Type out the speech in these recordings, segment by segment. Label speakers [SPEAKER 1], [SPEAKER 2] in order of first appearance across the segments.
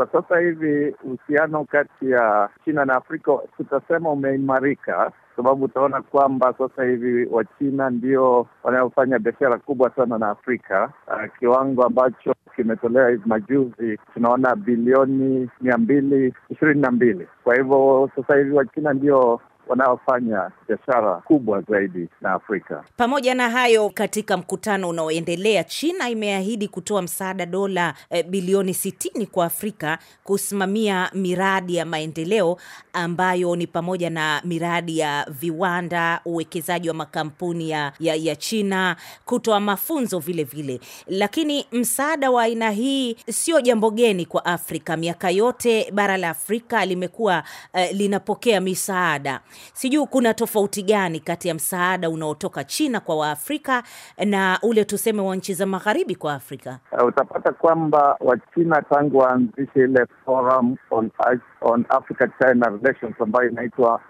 [SPEAKER 1] Kwa sasa hivi uhusiano kati ya China na Afrika tutasema umeimarika, sababu utaona kwamba sasa hivi Wachina ndio wanaofanya biashara kubwa sana na Afrika. Uh, kiwango ambacho kimetolewa hivi majuzi tunaona bilioni mia mbili ishirini na mbili. Kwa hivyo sasa hivi Wachina ndio wanaofanya biashara kubwa zaidi na Afrika.
[SPEAKER 2] Pamoja na hayo, katika mkutano unaoendelea, China imeahidi kutoa msaada dola e, bilioni sitini kwa Afrika kusimamia miradi ya maendeleo ambayo ni pamoja na miradi ya viwanda, uwekezaji wa makampuni ya, ya, ya China, kutoa mafunzo vile vile. Lakini msaada wa aina hii sio jambo geni kwa Afrika. Miaka yote bara la Afrika limekuwa e, linapokea misaada Sijui kuna tofauti gani kati ya msaada unaotoka China kwa Waafrika na ule tuseme wa nchi za magharibi kwa Afrika?
[SPEAKER 1] Uh, utapata kwamba Wachina tangu waanzishe ile Forum on, on Africa China Relations ambayo inaitwa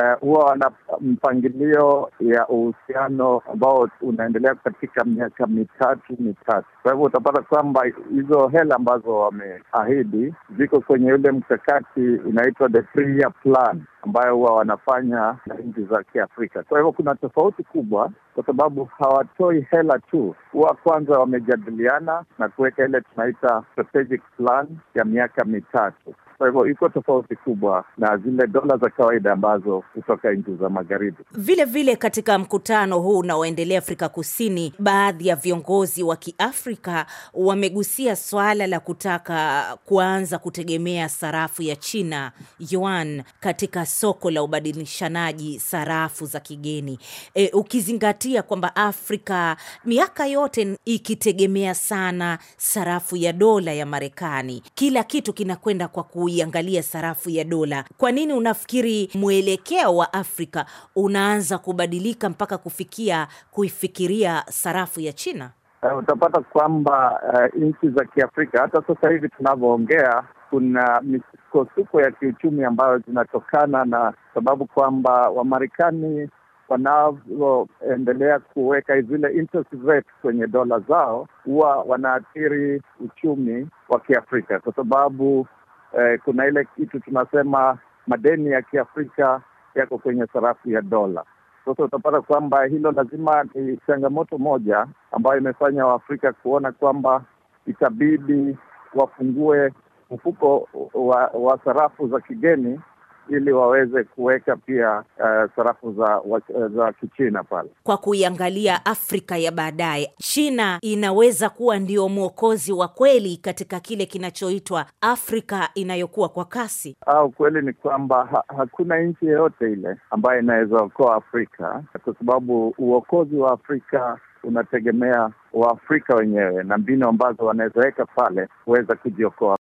[SPEAKER 1] Eh, huwa uh, wana mpangilio ya uhusiano ambao unaendelea katika miaka mitatu mitatu. Kwa hivyo utapata kwamba hizo hela ambazo wameahidi ziko kwenye yule mkakati inaitwa the three year plan ambayo huwa wanafanya na nchi za Kiafrika. Kwa hivyo kuna tofauti kubwa, kwa sababu hawatoi hela tu, huwa kwanza wamejadiliana na kuweka ile tunaita strategic plan ya miaka mitatu. Kwa hivyo iko tofauti kubwa na zile dola za kawaida ambazo kutoka nchi za magharibi.
[SPEAKER 2] Vile vile katika mkutano huu unaoendelea Afrika Kusini, baadhi ya viongozi wa Kiafrika wamegusia swala la kutaka kuanza kutegemea sarafu ya China yuan katika soko la ubadilishanaji sarafu za kigeni e, ukizingatia kwamba Afrika miaka yote ikitegemea sana sarafu ya dola ya Marekani, kila kitu kinakwenda kwa ku kuiangalia sarafu ya dola. Kwa nini unafikiri mwelekeo wa Afrika unaanza kubadilika mpaka kufikia kuifikiria sarafu ya China?
[SPEAKER 1] Uh, utapata kwamba uh, nchi za Kiafrika hata sasa hivi tunavyoongea kuna misukosuko ya kiuchumi ambayo zinatokana na sababu kwamba Wamarekani wanavyoendelea kuweka zile rate kwenye dola zao huwa wanaathiri uchumi wa Kiafrika kwa sababu eh, kuna ile kitu tunasema madeni ya Kiafrika yako kwenye sarafu ya dola. Sasa utapata kwamba hilo lazima ni changamoto moja ambayo imefanya Waafrika kuona kwamba itabidi wafungue mfuko wa, wa sarafu za kigeni ili waweze kuweka pia uh, sarafu za, uh, za Kichina pale.
[SPEAKER 2] Kwa kuiangalia Afrika ya baadaye, China inaweza kuwa ndio mwokozi wa kweli katika kile kinachoitwa Afrika inayokuwa kwa kasi.
[SPEAKER 1] Au kweli ni kwamba ha, hakuna nchi yeyote ile ambayo inaweza okoa Afrika kwa sababu uokozi wa Afrika unategemea Waafrika wenyewe na mbinu ambazo wanawezaweka pale kuweza kujiokoa.